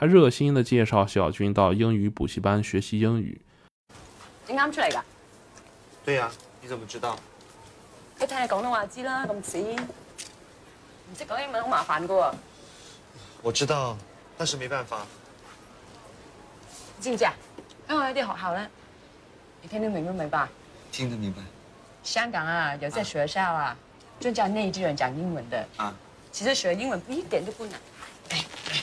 他熱心地介紹小軍到英語補習班學習英語。你剛，剛出來的？對呀、啊，你怎麼知道？佢聽下廣東話這麼知啦，咁止。唔識講英文好麻煩過。我知道，但是沒辦法。知唔知啊？香港有啲學校咧，你聽得明唔明白沒吧？聽得明白。香港啊，有些學校啊，專、啊、教內地人講英文的啊，其實學英文一點都不難。哎哎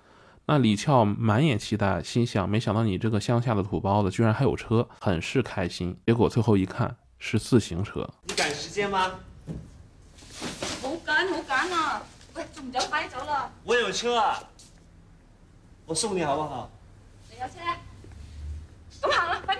那李翹滿眼期待，心想：沒想到你這個鄉下的土包子居然還有車，很是開心。結果最後一看，是自行車。你趕時間嗎？好趕，好趕啊！喂、哎，仲唔走，快走啦。我有車啊，我送你好不好？你有車？咁行啦，快啲！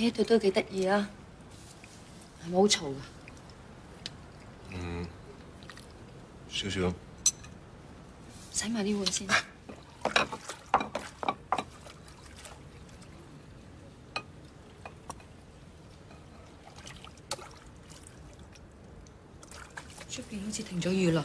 呢對都幾得意啊，係咪好嘈噶？嗯，少少。洗埋啲碗先。出邊好似停咗雨啦。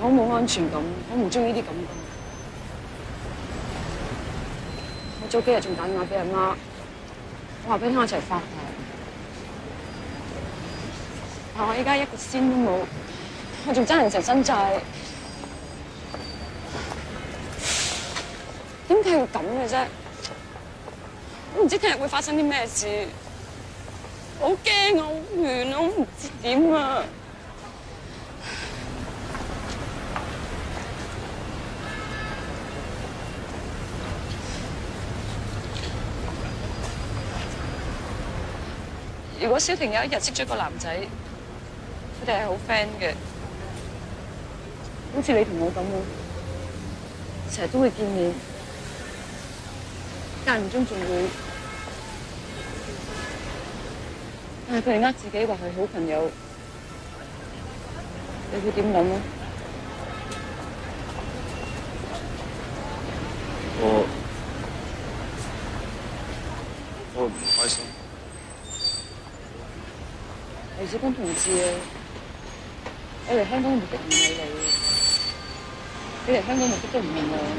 我冇安全感，我唔中意呢啲感覺。我早幾日仲打電話俾阿媽，話俾佢我告一齊發財，但我而家一個仙都冇，我仲爭人成身債，點解會咁嘅啫？我唔知聽日會發生啲咩事，好驚啊，好亂啊，我唔知點啊。如果小婷有一日識咗個男仔，佢哋係好 friend 嘅，好似你同我咁咯，成日都會見面，間唔中仲會，但係佢哋呃自己話係好朋友，你會點諗咧？我，我唔開心。小軍同志啊，我嚟香港目的唔係你，你嚟香港目的都唔係我。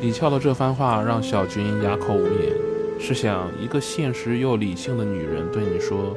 李翹的這番話讓小軍啞口無言。試想，一個現實又理性的女人對你說。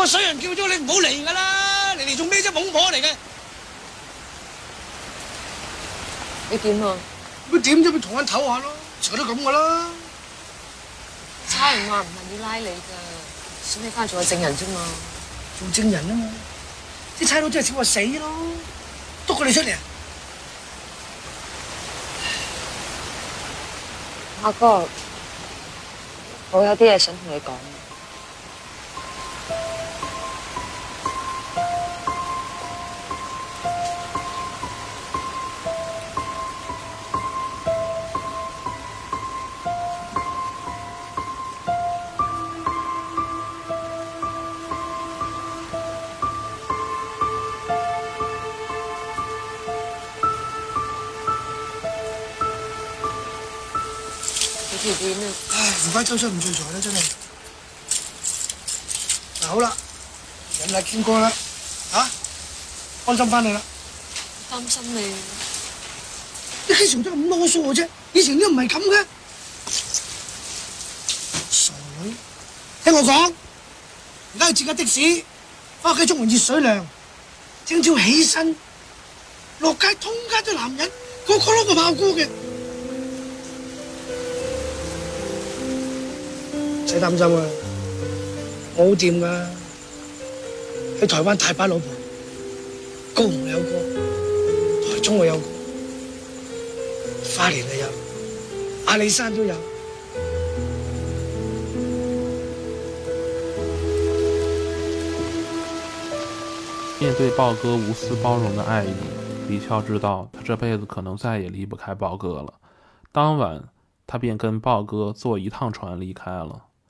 個水人叫咗你唔好嚟噶啦，你嚟做咩啫，懵婆嚟嘅。你點啊？咪點啫，咪同人唞下咯。成日都咁噶啦。差人話唔係要拉你㗎，使你翻做個證人啫嘛。做證人啊嘛，啲差佬真係笑我死咯，篤個你出嚟。阿哥，我有啲嘢想同你講。唉，唔翻周身唔自在啦，真係嗱，好啦，人啦見過啦，吓，安心翻嚟啦，擔心你。你幾時做得咁囉嗦嘅啫？以前你又唔係咁嘅。傻女，聽我講，而家去接架的士，翻屋企沖完熱水涼，聽朝起身，落街通街都男人，個個攞個爆菇嘅。唔使擔心啊，我好掂㗎。喺台灣大把老婆，高雄有個，台中有個，花蓮都有，阿里山都有。面對豹哥無私包容的愛意，李翹知道他這輩子可能再也離不開豹哥了。當晚，他便跟豹哥坐一趟船離開了。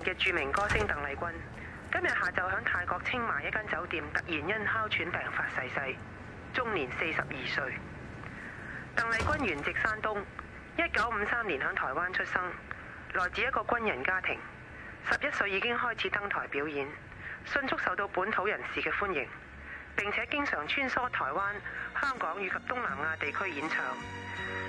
嘅著名歌星鄧麗君，今日下晝響泰國清邁一間酒店突然因哮喘病發逝世，終年四十二歲。鄧麗君原籍山東，一九五三年響台灣出生，來自一個軍人家庭。十一歲已經開始登台表演，迅速受到本土人士嘅歡迎，並且經常穿梭台灣、香港以及東南亞地區演唱。